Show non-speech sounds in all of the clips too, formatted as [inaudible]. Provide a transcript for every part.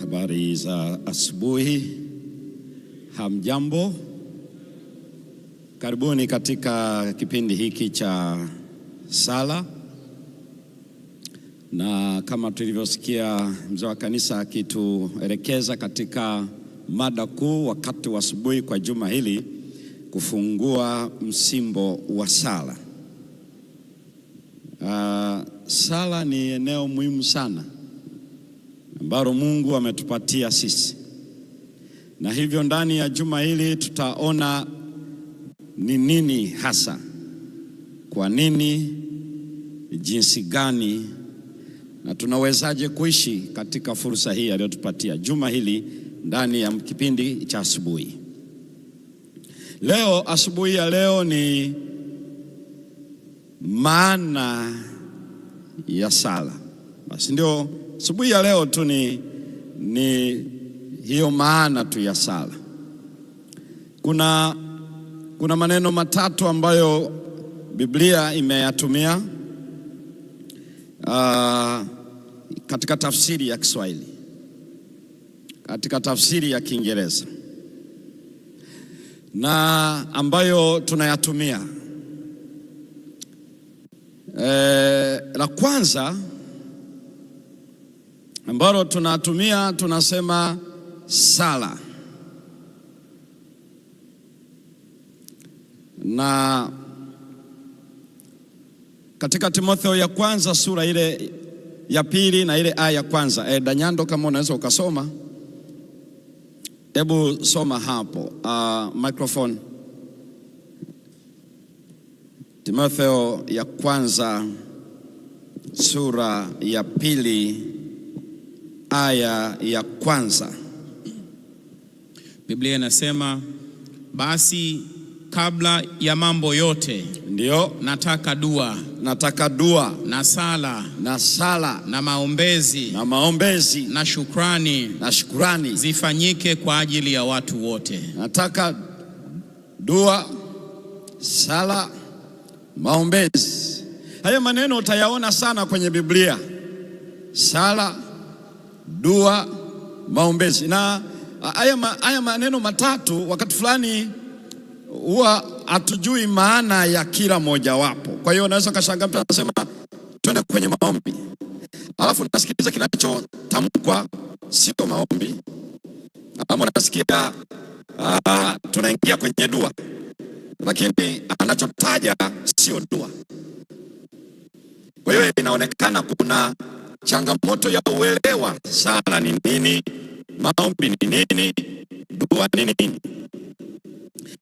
Habari za asubuhi, hamjambo? Karibuni katika kipindi hiki cha sala, na kama tulivyosikia mzee wa kanisa akituelekeza katika mada kuu wakati wa asubuhi kwa juma hili, kufungua msimbo wa sala. Uh, sala ni eneo muhimu sana ambalo Mungu ametupatia sisi, na hivyo ndani ya juma hili tutaona ni nini hasa, kwa nini, jinsi gani na tunawezaje kuishi katika fursa hii aliyotupatia juma hili ndani ya kipindi cha asubuhi. Leo asubuhi ya leo ni maana ya sala. Basi ndio Asubuhi ya leo tu ni, ni hiyo maana tu ya sala. Kuna, kuna maneno matatu ambayo Biblia imeyatumia uh, katika tafsiri ya Kiswahili, katika tafsiri ya Kiingereza na ambayo tunayatumia eh, la kwanza ambalo tunatumia tunasema sala, na katika Timotheo ya kwanza sura ile ya pili na ile aya ya kwanza. E, Danyando, kama unaweza ukasoma, hebu soma hapo. Uh, microphone. Timotheo ya kwanza sura ya pili aya ya kwanza Biblia inasema basi kabla ya mambo yote ndio nataka dua, nataka dua na sala na sala na maombezi na maombezi na shukrani na shukrani zifanyike kwa ajili ya watu wote. Nataka dua, sala, maombezi. Haya maneno utayaona sana kwenye Biblia, sala dua, maombezi. Na haya haya maneno matatu wakati fulani huwa hatujui maana ya kila mojawapo. Kwa hiyo unaweza kashangaa mtu anasema twende kwenye maombi, alafu nasikiliza kinachotamkwa sio maombi, ama nasikia ah, tunaingia kwenye dua, lakini anachotaja sio dua. Kwa hiyo inaonekana kuna Changamoto ya uelewa sala ni nini, maombi ni nini, dua ni nini.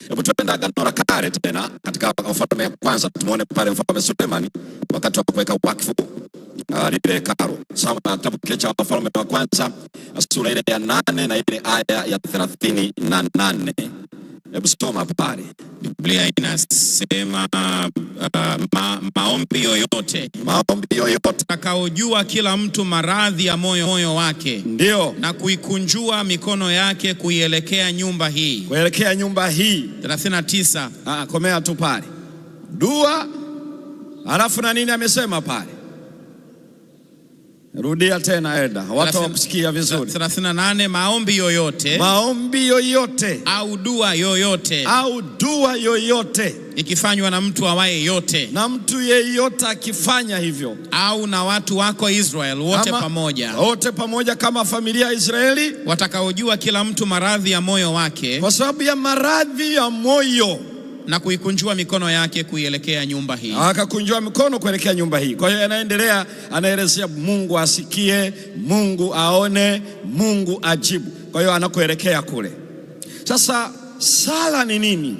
Hebu tuende Agano la Kale tena katika Ufalme ya kwanza, tumuone pale Mfalme Sulemani wakati wa kuweka wakfu ah, lile hekalu. Sawa na kitabu kile cha Wafalme wa kwanza sura ile ya nane na ile aya ya thelathini na nane. Hebu soma pale. Biblia inasema uh, ma, maombi yoyote maombi yoyote atakaojua kila mtu maradhi ya moyo moyo wake, ndio na kuikunjua mikono yake kuielekea nyumba hii kuelekea nyumba hii ngapi? 39. Ah, komea tu pale dua, halafu na nini amesema pale Rudia tena Eda, watu wamsikia vizuri. 38 maombi yoyote, maombi yoyote au dua yoyote, au dua yoyote ikifanywa na mtu awaye yote, na mtu yeyote akifanya hivyo, au na watu wako Israeli wote pamoja, wote pamoja kama familia ya Israeli, watakaojua kila mtu maradhi ya moyo wake, kwa sababu ya maradhi ya moyo na kuikunjua mikono yake kuielekea nyumba hii, akakunjua mikono kuelekea nyumba hii. Kwa hiyo anaendelea, anaelezea Mungu asikie, Mungu aone, Mungu ajibu. Kwa hiyo anakuelekea kule. Sasa sala ni nini?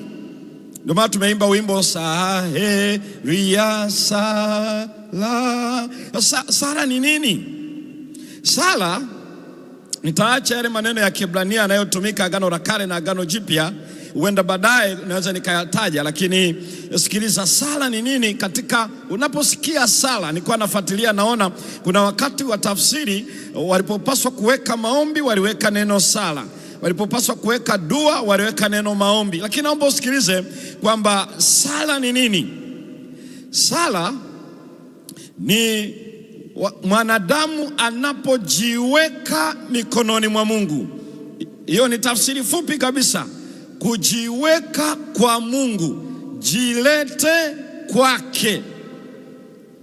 Ndio maana tumeimba wimbo saheria sala. Sa, sala ni nini? Sala nitaacha yale maneno ya Kiebrania yanayotumika Agano la Kale na Agano Jipya huenda baadaye naweza nikayataja, lakini sikiliza, sala ni nini? Katika unaposikia sala, nilikuwa nafuatilia, naona kuna wakati wa tafsiri walipopaswa kuweka maombi waliweka neno sala, walipopaswa kuweka dua waliweka neno maombi. Lakini naomba usikilize kwamba sala ni nini. Sala ni mwanadamu anapojiweka mikononi mwa Mungu. Hiyo ni tafsiri fupi kabisa kujiweka kwa Mungu, jilete kwake,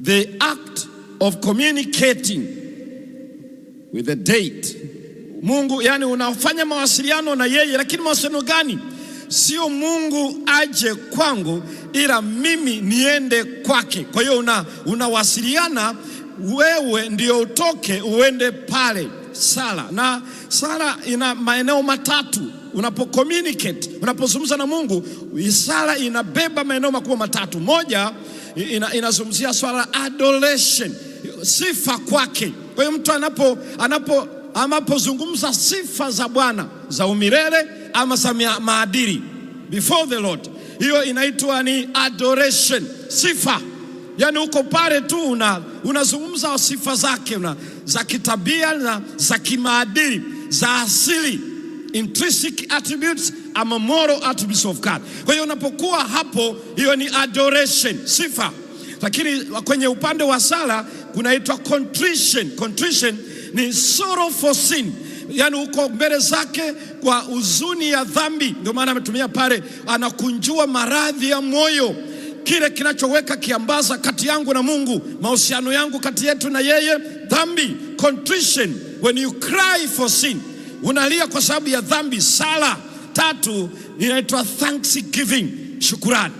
the act of communicating with the date Mungu, yani unafanya mawasiliano na yeye, lakini mawasiliano gani? Sio Mungu aje kwangu, ila mimi niende kwake. Kwa hiyo una unawasiliana wewe, ndio utoke uende pale. Sala na sala ina maeneo matatu unapo unapozungumza na Mungu, sala inabeba maeneo makubwa matatu. Moja, inazungumzia swala adoration, sifa kwake. Kwa hiyo mtu anapo anapo anapozungumza sifa za Bwana za umilele ama za maadili before the Lord, hiyo inaitwa ni adoration, sifa Yaani uko pale tu unazungumza sifa zake una, za kitabia na za kimaadili za asili intrinsic attributes ama moral attributes of God. Kwa hiyo unapokuwa hapo, hiyo ni adoration, sifa. Lakini kwenye upande wa sala kunaitwa contrition. Contrition ni sorrow for sin, yaani uko mbele zake kwa huzuni ya dhambi. Ndio maana ametumia pale, anakunjua maradhi ya moyo kile kinachoweka kiambaza kati yangu na Mungu, mahusiano yangu kati yetu na yeye, dhambi. Contrition, when you cry for sin unalia kwa sababu ya dhambi. Sala tatu inaitwa thanksgiving, shukurani.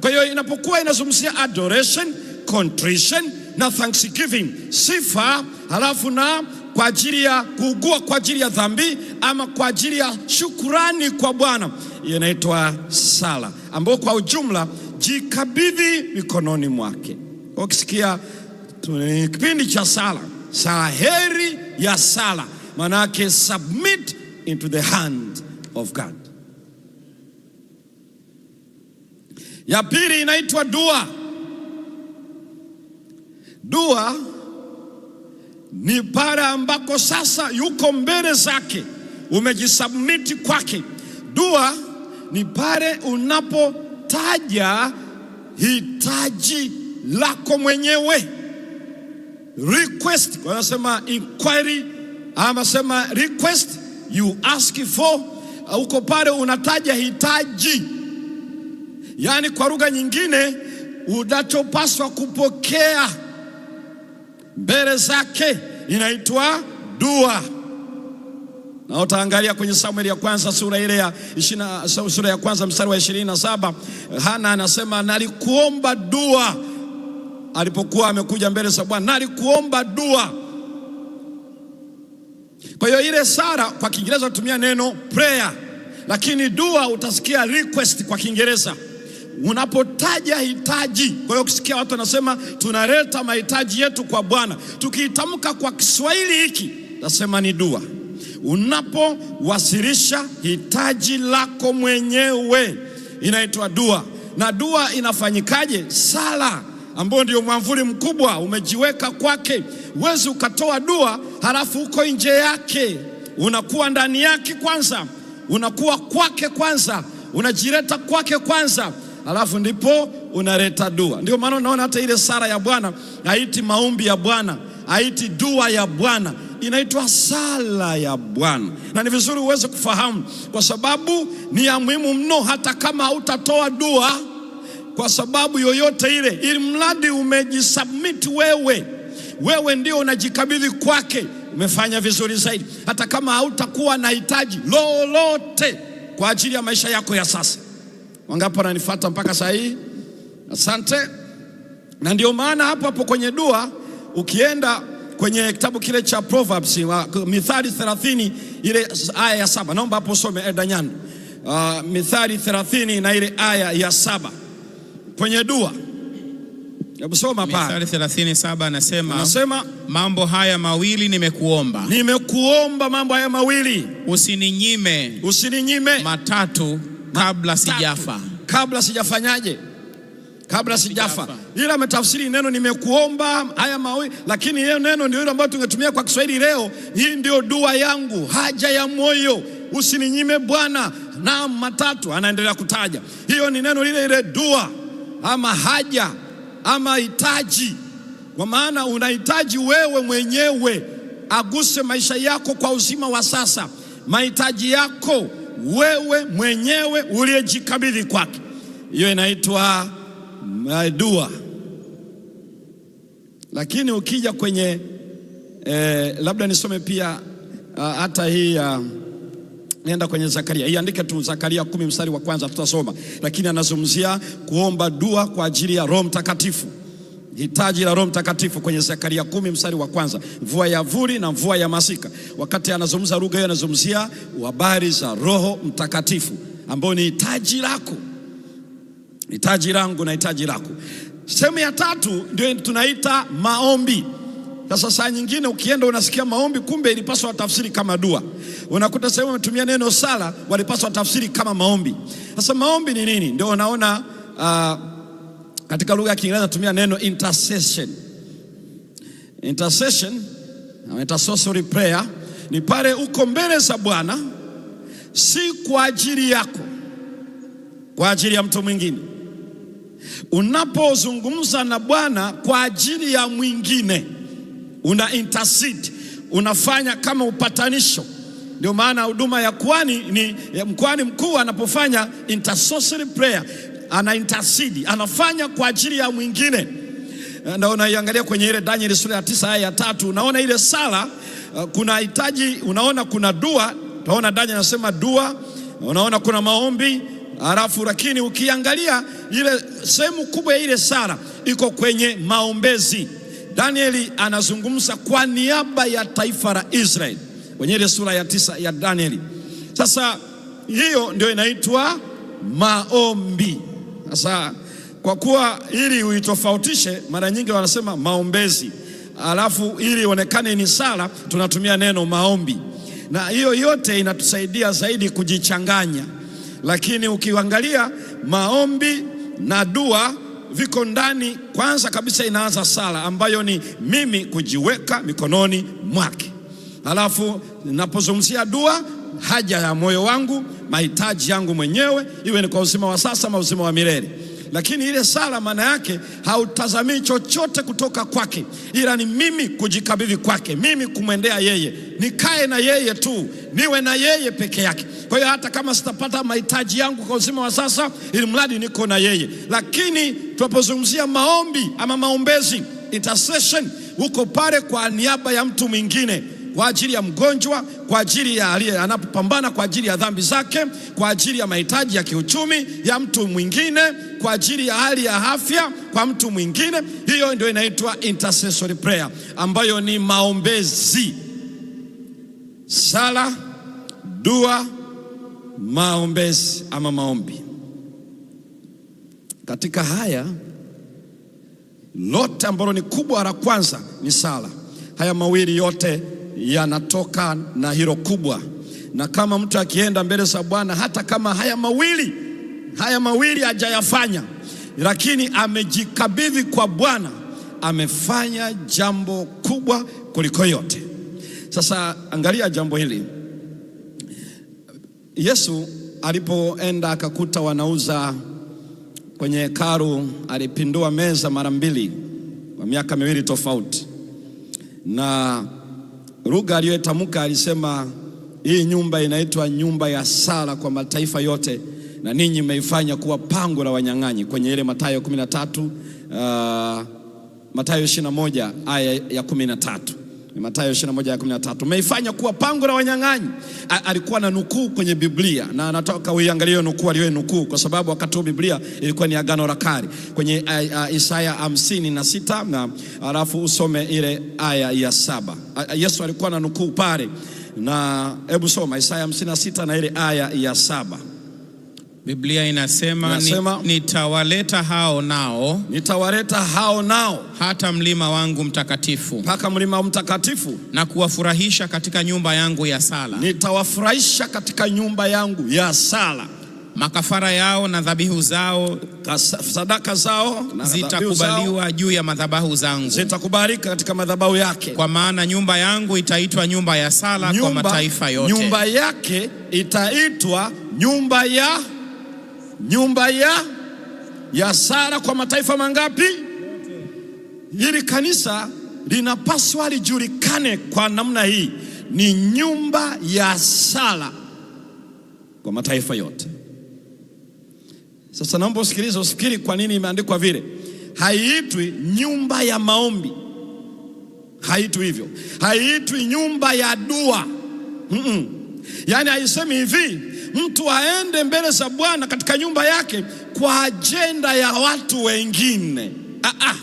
Kwa hiyo inapokuwa inazungumzia adoration, contrition na thanksgiving, sifa halafu na kwa ajili ya kuugua kwa ajili ya dhambi ama kwa ajili ya shukurani kwa Bwana inaitwa sala, ambayo kwa ujumla jikabidhi mikononi mwake. Ukisikia kipindi cha sala, sala heri ya sala manake submit into the hand of God. Ya pili inaitwa dua. Dua ni pale ambako sasa yuko mbele zake, umejisubmiti kwake. Dua ni pale unapotaja hitaji lako mwenyewe, request wanasema inquiry ama sema request you ask for huko uh, pale unataja hitaji, yaani kwa lugha nyingine unachopaswa kupokea mbele zake inaitwa dua. Na utaangalia kwenye Samueli ya kwanza sura ile ya uh, sura ya kwanza mstari wa 27, Hana anasema nalikuomba dua, alipokuwa amekuja mbele za Bwana, nalikuomba dua kwa hiyo ile sala kwa Kiingereza unatumia neno prayer, lakini dua utasikia request kwa Kiingereza unapotaja hitaji. Kwa hiyo ukisikia watu wanasema tunaleta mahitaji yetu kwa Bwana, tukiitamka kwa Kiswahili hiki nasema ni dua. Unapowasilisha hitaji lako mwenyewe inaitwa dua. Na dua inafanyikaje? Sala ambao ndio mwamvuli mkubwa umejiweka kwake. Huwezi ukatoa dua halafu uko nje yake, unakuwa ndani yake kwanza, unakuwa kwake kwanza, unajileta kwake kwanza, halafu ndipo unaleta dua. Ndio maana unaona hata ile sala ya Bwana haiti maombi ya Bwana, haiti dua ya Bwana, inaitwa sala ya Bwana, na ni vizuri uweze kufahamu, kwa sababu ni ya muhimu mno, hata kama hautatoa dua kwa sababu yoyote ile, ili mradi umejisubmit wewe, wewe ndio unajikabidhi kwake, umefanya vizuri zaidi, hata kama hautakuwa na hitaji lolote kwa ajili ya maisha yako ya sasa. Wangapi wananifuata mpaka saa hii? Asante. Na ndio maana hapo hapo kwenye dua ukienda kwenye kitabu kile cha Proverbs Mithali 30 ile aya ya saba, naomba hapo usome Edanyan. Uh, ah, Mithali 30 na ile aya ya saba kwenye dua Hebu soma pale. Mstari 37 anasema, anasema mambo haya mawili nimekuomba. Nimekuomba mambo haya mawili usininyime, usininyime matatu kabla sijafa. Kabla sijafanyaje? Kabla sijafa. Ila ametafsiri neno nimekuomba haya mawili, lakini hiyo neno ndio ile ambayo tungetumia kwa Kiswahili leo. Hii ndio dua yangu, haja ya moyo, usininyime Bwana, na matatu anaendelea kutaja. Hiyo ni neno lile ile dua ama haja ama hitaji, kwa maana unahitaji wewe mwenyewe aguse maisha yako kwa uzima wa sasa, mahitaji yako wewe mwenyewe uliyejikabidhi kwake. Hiyo inaitwa dua. Lakini ukija kwenye eh, labda nisome pia ah, hata hii ya uh, nenda kwenye Zakaria, iandike tu Zakaria kumi mstari wa kwanza tutasoma, lakini anazungumzia kuomba dua kwa ajili ya Roho Mtakatifu, hitaji la Roho Mtakatifu kwenye Zakaria kumi mstari wa kwanza, mvua ya vuli na mvua ya masika. Wakati anazungumza lugha hiyo, anazungumzia habari za Roho Mtakatifu ambayo ni hitaji lako, hitaji langu na hitaji lako. Sehemu ya tatu ndio tunaita maombi. Sasa nyingine ukienda unasikia maombi, kumbe ilipaswa watafsiri kama dua. Unakuta sehemu wametumia neno sala, walipaswa watafsiri kama maombi. Sasa maombi ni nini? Ndio unaona uh, katika lugha ya Kiingereza tumia neno intercession. Intercession na intercessory prayer ni pale uko mbele za Bwana, si kwa ajili yako, kwa ajili ya mtu mwingine. Unapozungumza na Bwana kwa ajili ya mwingine una intercede, unafanya kama upatanisho. Ndio maana huduma ya kwani ni mkwani mkuu anapofanya intercessory prayer, ana intercede, anafanya kwa ajili ya mwingine. Eh, na unaiangalia kwenye ile Danieli sura ya tisa aya ya tatu, unaona ile sala eh, kuna hitaji, unaona kuna dua, unaona Danieli anasema dua, unaona kuna maombi halafu lakini ukiangalia ile sehemu kubwa ya ile sala iko kwenye maombezi. Danieli anazungumza kwa niaba ya taifa la Israeli kwenye ile sura ya tisa ya Danieli. Sasa hiyo ndio inaitwa maombi. Sasa kwa kuwa ili uitofautishe, mara nyingi wanasema maombezi, alafu ili ionekane ni sala, tunatumia neno maombi, na hiyo yote inatusaidia zaidi kujichanganya. Lakini ukiangalia maombi na dua viko ndani. Kwanza kabisa inaanza sala ambayo ni mimi kujiweka mikononi mwake. alafu ninapozungumzia dua, haja ya moyo wangu, mahitaji yangu mwenyewe, iwe ni kwa uzima wa sasa au uzima wa milele. Lakini ile sala maana yake hautazamii chochote kutoka kwake, ila ni mimi kujikabidhi kwake, mimi kumwendea yeye, nikae na yeye tu, niwe na yeye peke yake. Kwa hiyo hata kama sitapata mahitaji yangu kwa uzima wa sasa, ili mradi niko na yeye. Lakini tunapozungumzia maombi ama maombezi, intercession, huko pale kwa niaba ya mtu mwingine kwa ajili ya mgonjwa, kwa ajili ya aliye anapopambana, kwa ajili ya dhambi zake, kwa ajili ya mahitaji ya kiuchumi ya mtu mwingine kwa ajili ya hali ya afya kwa mtu mwingine. Hiyo ndio inaitwa intercessory prayer, ambayo ni maombezi, sala, dua, maombezi ama maombi. Katika haya lote ambalo ni kubwa la kwanza ni sala. Haya mawili yote yanatoka na hilo kubwa, na kama mtu akienda mbele za Bwana hata kama haya mawili haya mawili hajayafanya, lakini amejikabidhi kwa Bwana, amefanya jambo kubwa kuliko yote. Sasa angalia jambo hili. Yesu alipoenda akakuta wanauza kwenye hekalu, alipindua meza mara mbili kwa miaka miwili tofauti, na lugha aliyotamka alisema, hii nyumba inaitwa nyumba ya sala kwa mataifa yote na ninyi mmeifanya kuwa pango la wanyang'anyi kwenye ile Mathayo 13 uh, Mathayo 21 aya ya 13 Mathayo 21:13 umeifanya kuwa pango la wanyang'anyi. Alikuwa na nukuu kwenye Biblia na anataka uiangalie nukuu nukuu, kwa sababu wakati huo Biblia ilikuwa ni agano la kale, kwenye uh, uh, Isaya 56 na sita na alafu usome ile aya ya saba. Uh, Yesu alikuwa na nukuu pale, na hebu soma Isaya 56 na ile aya ya saba. Biblia inasema, inasema nitawaleta hao nao nitawaleta hao nao hata mlima wangu mtakatifu mpaka mlima mtakatifu na kuwafurahisha katika nyumba yangu ya sala nitawafurahisha katika nyumba yangu ya sala. Makafara yao na dhabihu zao sadaka zao zitakubaliwa juu ya madhabahu zangu, zitakubalika katika madhabahu yake, kwa maana nyumba yangu itaitwa nyumba ya sala nyumba, kwa mataifa yote. Nyumba yake itaitwa nyumba ya nyumba ya ya sala kwa mataifa mangapi? Hili kanisa linapaswa lijulikane kwa namna hii, ni nyumba ya sala kwa mataifa yote. Sasa naomba usikilize, usikili kwa nini imeandikwa vile. Haiitwi nyumba ya maombi, haiitwi hivyo, haiitwi nyumba ya dua mm -mm. Yaani haisemi hivi mtu aende mbele za Bwana katika nyumba yake kwa ajenda ya watu wengine. -ah. ah.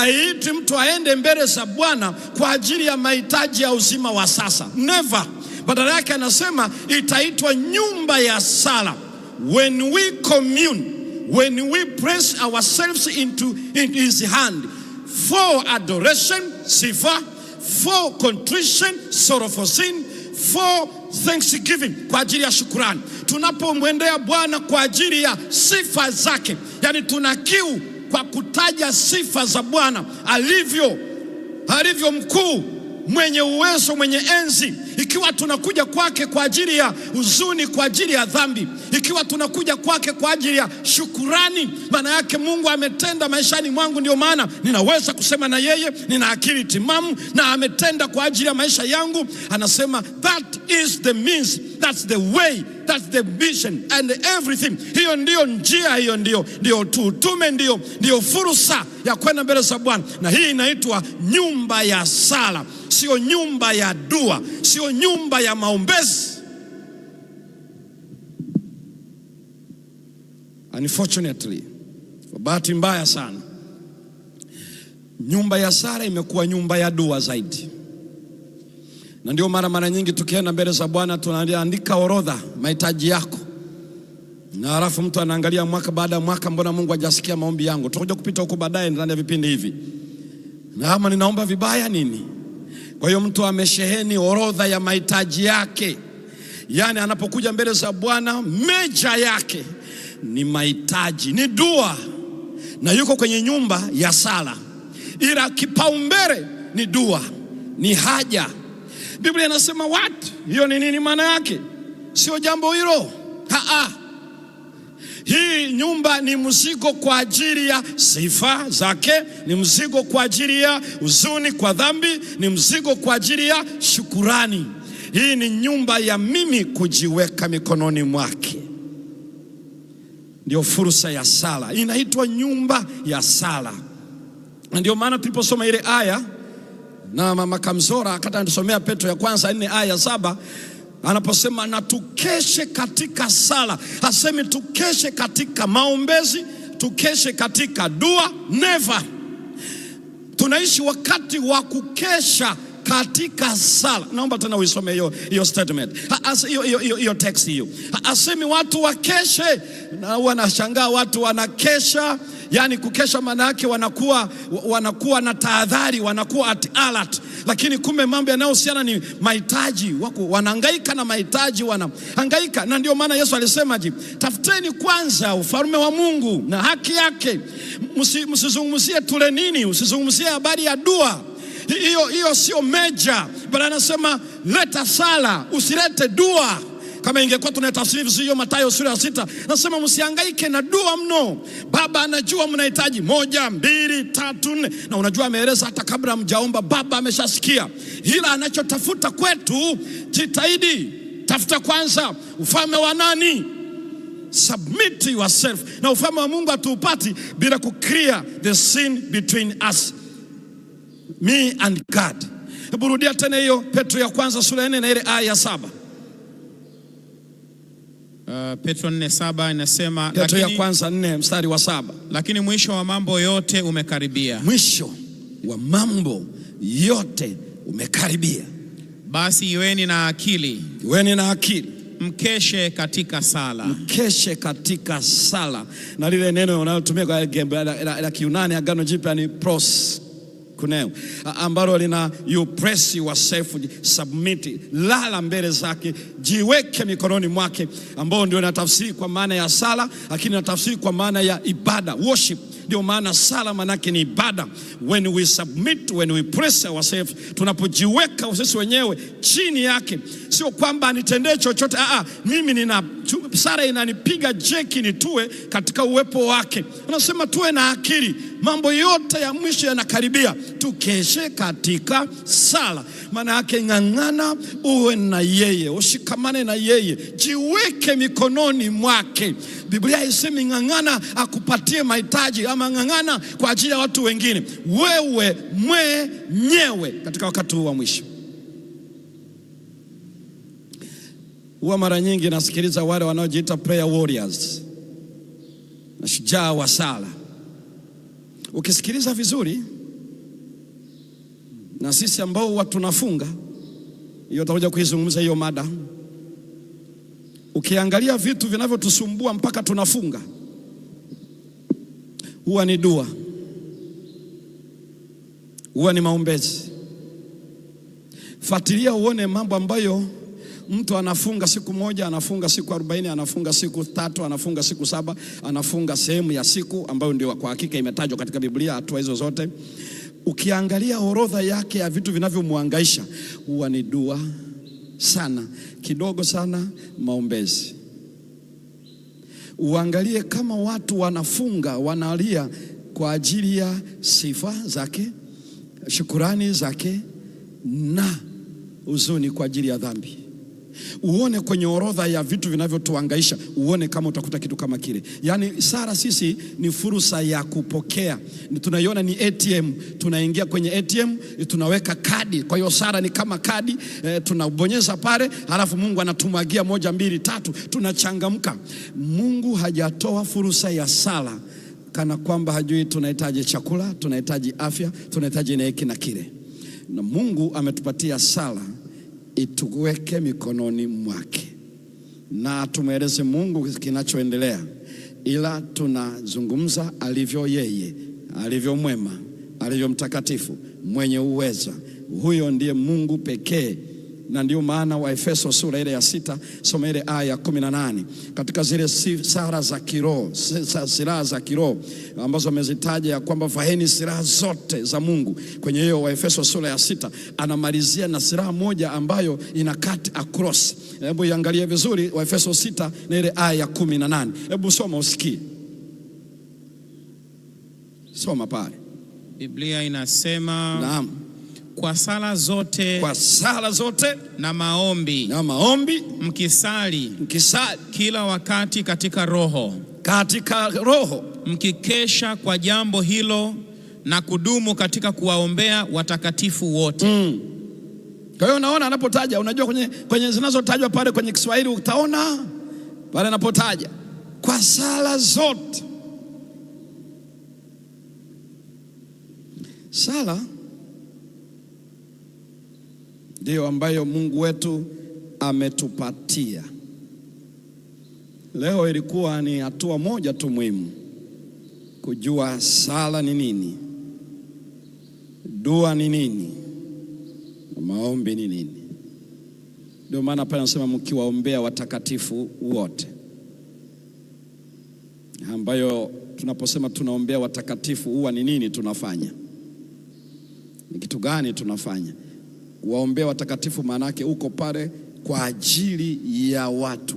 aiti mtu aende mbele za Bwana kwa ajili ya mahitaji ya uzima wa sasa. Never. Badala yake anasema itaitwa nyumba ya sala. When we commune, when we press ourselves into in his hand for adoration, sifa, for contrition, sorrow for sin, for thanksgiving, kwa ajili ya shukurani. Tunapomwendea Bwana kwa ajili ya sifa zake, yani tuna kiu kwa kutaja sifa za Bwana alivyo, alivyo mkuu mwenye uwezo, mwenye enzi, ikiwa tunakuja kwake kwa ajili ya huzuni, kwa ajili ya dhambi, ikiwa tunakuja kwake kwa ajili ya shukurani, maana yake Mungu ametenda maishani mwangu, ndio maana ninaweza kusema na yeye nina akili timamu na ametenda kwa ajili ya maisha yangu. Anasema that is the means, that's the way That's the vision and everything. Hiyo ndiyo njia, hiyo ndiyo ndiyo tuutume, ndiyo ndiyo fursa ya kwenda mbele za Bwana, na hii inaitwa nyumba ya sala sio nyumba ya dua, sio nyumba ya maombezi. Unfortunately, kwa bahati mbaya sana, nyumba ya Sara imekuwa nyumba ya dua zaidi, na ndio mara mara nyingi tukienda mbele za Bwana tunaandika orodha mahitaji yako na halafu mtu anaangalia mwaka baada ya mwaka, mbona Mungu hajasikia maombi yangu? Tutakuja kupita huko baadaye ndani ya vipindi hivi, na ama ninaomba vibaya nini? Kwa hiyo mtu amesheheni orodha ya mahitaji yake, yaani anapokuja mbele za Bwana meja yake ni mahitaji, ni dua, na yuko kwenye nyumba ya sala, ila kipaumbele ni dua, ni haja. Biblia inasema what? hiyo ni nini maana yake? Sio jambo hilo, ah. Hii nyumba ni mzigo kwa ajili ya sifa zake, ni mzigo kwa ajili ya huzuni kwa dhambi, ni mzigo kwa ajili ya shukurani. Hii ni nyumba ya mimi kujiweka mikononi mwake. Ndio fursa ya sala, inaitwa nyumba ya sala, na ndio maana tuliposoma ile aya na mama Kamzora akata anatusomea Petro ya kwanza nne aya saba Anaposema na tukeshe katika sala, hasemi tukeshe katika maombezi, tukeshe katika dua. Never. Tunaishi wakati wa kukesha katika sala. Naomba tena uisome hiyo hiyo statement hiyo text hiyo. Asemi watu wakeshe, na wanashangaa watu wanakesha yani kukesha maana yake wanakuwa, wanakuwa na tahadhari, wanakuwa at alert, lakini kumbe mambo yanayohusiana ni mahitaji wako, wanahangaika na mahitaji, wanahangaika na ndio maana Yesu alisemaje, tafuteni kwanza ufalme wa Mungu na haki yake, msizungumzie tule nini, usizungumzie habari ya dua hiyo hiyo, sio meja, bali anasema leta sala, usilete dua. Kama ingekuwa tunatafsiri vizuri hiyo Mathayo sura ya sita, nasema msihangaike na dua mno. Baba anajua mnahitaji moja, mbili, tatu, nne. Na unajua ameeleza hata kabla mjaomba, Baba ameshasikia. Ila anachotafuta kwetu, jitahidi, tafuta kwanza ufalme wa nani Submit yourself na ufalme wa Mungu hatuupati bila ku clear the sin between us me and God. Hebu rudia tena hiyo Petro ya kwanza sura ya nne na ile aya ya saba. Uh, Petro 4:7 inasema Petro ya kwanza 4 mstari wa saba, lakini mwisho wa mambo yote umekaribia. Mwisho wa mambo yote umekaribia, basi iweni na akili, iweni na akili, mkeshe katika sala, mkeshe katika sala. Na lile neno wanalotumia kwa la Kiunani Agano Jipya ni pros Kuneo ambalo lina you press yourself submit, lala mbele zake, jiweke mikononi mwake, ambao ndio natafsiri kwa maana ya sala, lakini natafsiri kwa maana ya ibada worship ndio maana sala manake ni ibada. When we submit, when we press ourselves, tunapojiweka sisi wenyewe chini yake, sio kwamba nitendee chochote. Aa, ah, ah, mimi nina sala inanipiga jeki nitue katika uwepo wake. Anasema tuwe na akili, mambo yote ya mwisho yanakaribia, tukeshe katika sala. Maana yake ng'ang'ana, uwe na yeye, ushikamane na yeye, jiweke mikononi mwake. Biblia isemi ng'ang'ana akupatie mahitaji ama mang'ang'ana kwa ajili ya watu wengine, wewe mwenyewe katika wakati huu wa mwisho. Huwa mara nyingi nasikiliza wale wanaojiita prayer warriors, shujaa wa sala. Ukisikiliza vizuri, na sisi ambao huwa tunafunga hiyo, tutakuja kuizungumza hiyo mada. Ukiangalia vitu vinavyotusumbua mpaka tunafunga huwa ni dua, huwa ni maombezi. Fuatilia uone mambo ambayo mtu anafunga siku moja, anafunga siku arobaini, anafunga siku tatu, anafunga siku saba, anafunga sehemu ya siku ambayo ndio kwa hakika imetajwa katika Biblia. Hatua hizo zote ukiangalia orodha yake ya vitu vinavyomwangaisha, huwa ni dua sana, kidogo sana maombezi uangalie kama watu wanafunga wanalia kwa ajili ya sifa zake, shukurani zake na huzuni kwa ajili ya dhambi uone kwenye orodha ya vitu vinavyotuangaisha, uone kama utakuta kitu kama kile. Yaani sara sisi ni fursa ya kupokea, tunaiona ni ATM. Tunaingia kwenye ATM tunaweka kadi, kwa hiyo sara ni kama kadi e, tunabonyeza pale, halafu Mungu anatumwagia moja, mbili, tatu, tunachangamka. Mungu hajatoa fursa ya sara kana kwamba hajui tunahitaji chakula, tunahitaji afya, tunahitaji na hiki na kile, na Mungu ametupatia sala ituweke mikononi mwake na tumweleze Mungu kinachoendelea, ila tunazungumza alivyo yeye, alivyo mwema, alivyo mtakatifu, mwenye uweza. Huyo ndiye Mungu pekee na ndio maana Waefeso sura ile ya sita soma ile aya ya kumi na nane katika zile sara za kiroho, silaha za kiroho ambazo amezitaja ya kwamba vaheni silaha zote za Mungu. Kwenye hiyo Waefeso sura ya sita anamalizia na silaha moja ambayo ina cut across. Hebu iangalie vizuri Waefeso sita na ile aya ya kumi na nane hebu soma usikie, soma pale. Biblia inasema naam kwa sala zote, kwa sala zote na maombi, na maombi mkisali, mkisali kila wakati katika roho, katika roho mkikesha kwa jambo hilo na kudumu katika kuwaombea watakatifu wote. Mm. Kwa hiyo unaona anapotaja, unajua kwenye, kwenye zinazotajwa pale kwenye Kiswahili utaona pale anapotaja kwa sala zote sala ndiyo ambayo Mungu wetu ametupatia. Leo ilikuwa ni hatua moja tu muhimu, kujua sala ni nini, dua ni nini, maombi ni nini. Ndio maana pale anasema mkiwaombea watakatifu wote, ambayo tunaposema tunaombea watakatifu huwa ni nini tunafanya? Ni kitu gani tunafanya? waombea watakatifu, maana yake uko pale kwa ajili ya watu,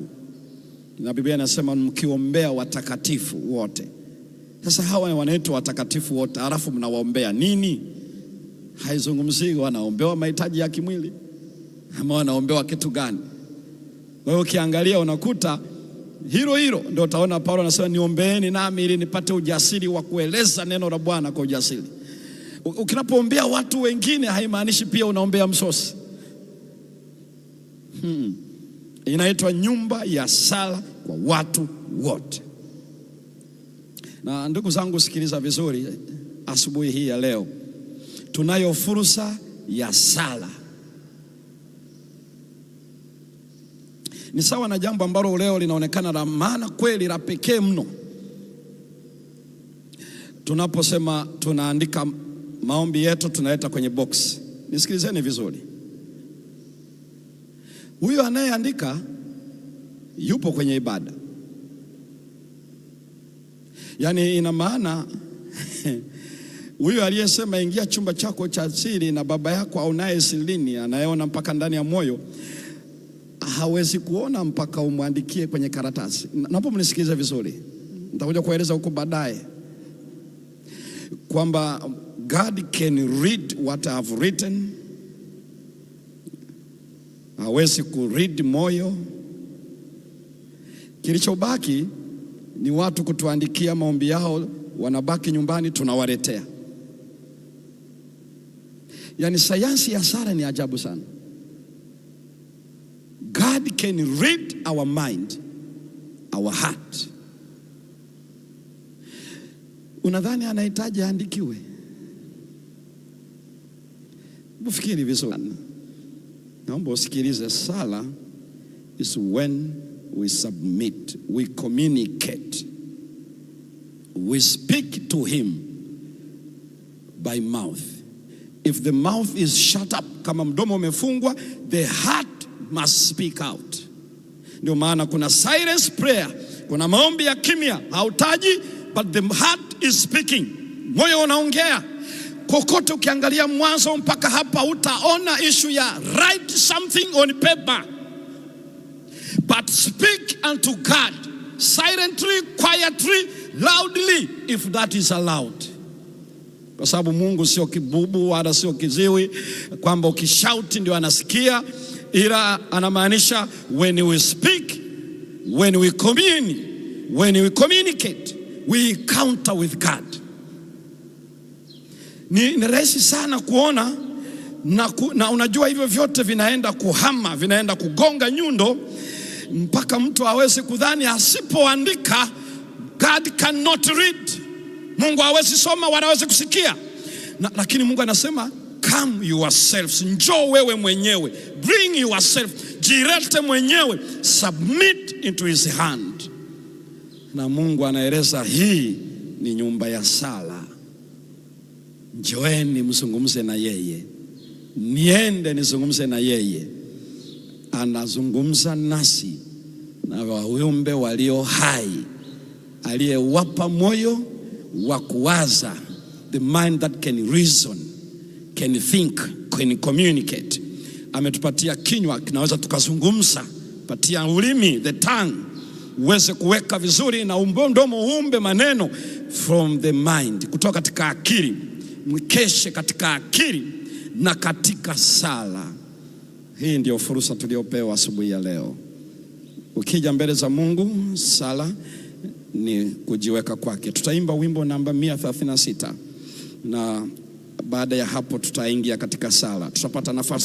na Biblia inasema mkiombea watakatifu wote. Sasa hawa wanaitwa watakatifu wote, halafu mnawaombea nini? Haizungumzii wanaombewa mahitaji ya kimwili ama wanaombewa kitu gani? Kwa hiyo ukiangalia unakuta hilo hilo ndio utaona Paulo anasema niombeeni nami ili nipate ujasiri wa kueleza neno la Bwana kwa ujasiri. Ukinapoombea watu wengine haimaanishi pia unaombea msosi. Hmm. Inaitwa nyumba ya sala kwa watu wote. Na ndugu zangu, sikiliza vizuri eh, asubuhi hii ya leo. Tunayo fursa ya sala. Ni sawa na jambo ambalo leo linaonekana la maana kweli la pekee mno. Tunaposema tunaandika maombi yetu tunaleta kwenye box. Nisikilizeni vizuri, huyo anayeandika yupo kwenye ibada, yaani ina maana [laughs] huyo aliyesema ingia chumba chako cha siri na baba yako au naye sirini, anayeona mpaka ndani ya moyo hawezi kuona mpaka umwandikie kwenye karatasi. Napo mnisikilize vizuri, nitakuja kueleza huko baadaye kwamba God can read what I have written. Hawezi read moyo. Kilichobaki ni watu kutuandikia maombi yao, wanabaki nyumbani, tunawaletea. Yaani sayansi ya Sara ni ajabu sana. God can read our mind, our heart. Unadhani anahitaji aandikiwe? mufikiri vizuri, naomba usikilize. Sala is when we submit, we communicate, we speak to him by mouth. If the mouth is shut up, kama mdomo umefungwa, the heart must speak out. Ndio maana kuna silence prayer, kuna maombi ya kimya, hautaji but the heart is speaking, moyo unaongea kokote ukiangalia mwanzo mpaka hapa utaona ishu ya write something on paper but speak unto God silently quietly loudly if that is allowed kwa sababu Mungu sio kibubu wala sio kiziwi kwamba ukishauti ndio anasikia ila anamaanisha when we speak when we commune when we communicate we encounter with God ni, ni rahisi sana kuona na, ku, na unajua hivyo vyote vinaenda kuhama, vinaenda kugonga nyundo mpaka mtu awezi kudhani asipoandika God cannot read. Mungu hawezi soma wala hawezi kusikia na, lakini Mungu anasema come yourselves, njoo wewe mwenyewe, bring yourself, jirete mwenyewe, submit into his hand. Na Mungu anaeleza hii ni nyumba ya sala. Njoeni mzungumze na yeye, niende nizungumze na yeye. Anazungumza nasi na wawumbe walio hai, aliyewapa moyo wa kuwaza, the mind that can reason, can think, can communicate. Ametupatia kinywa kinaweza tukazungumza, patia ulimi, the tongue uweze kuweka vizuri, na mdomo uumbe maneno from the mind, kutoka katika akili mkeshe katika akili na katika sala. Hii ndio fursa tuliyopewa asubuhi ya leo. Ukija mbele za Mungu, sala ni kujiweka kwake. Tutaimba wimbo namba 136 na baada ya hapo tutaingia katika sala, tutapata nafasi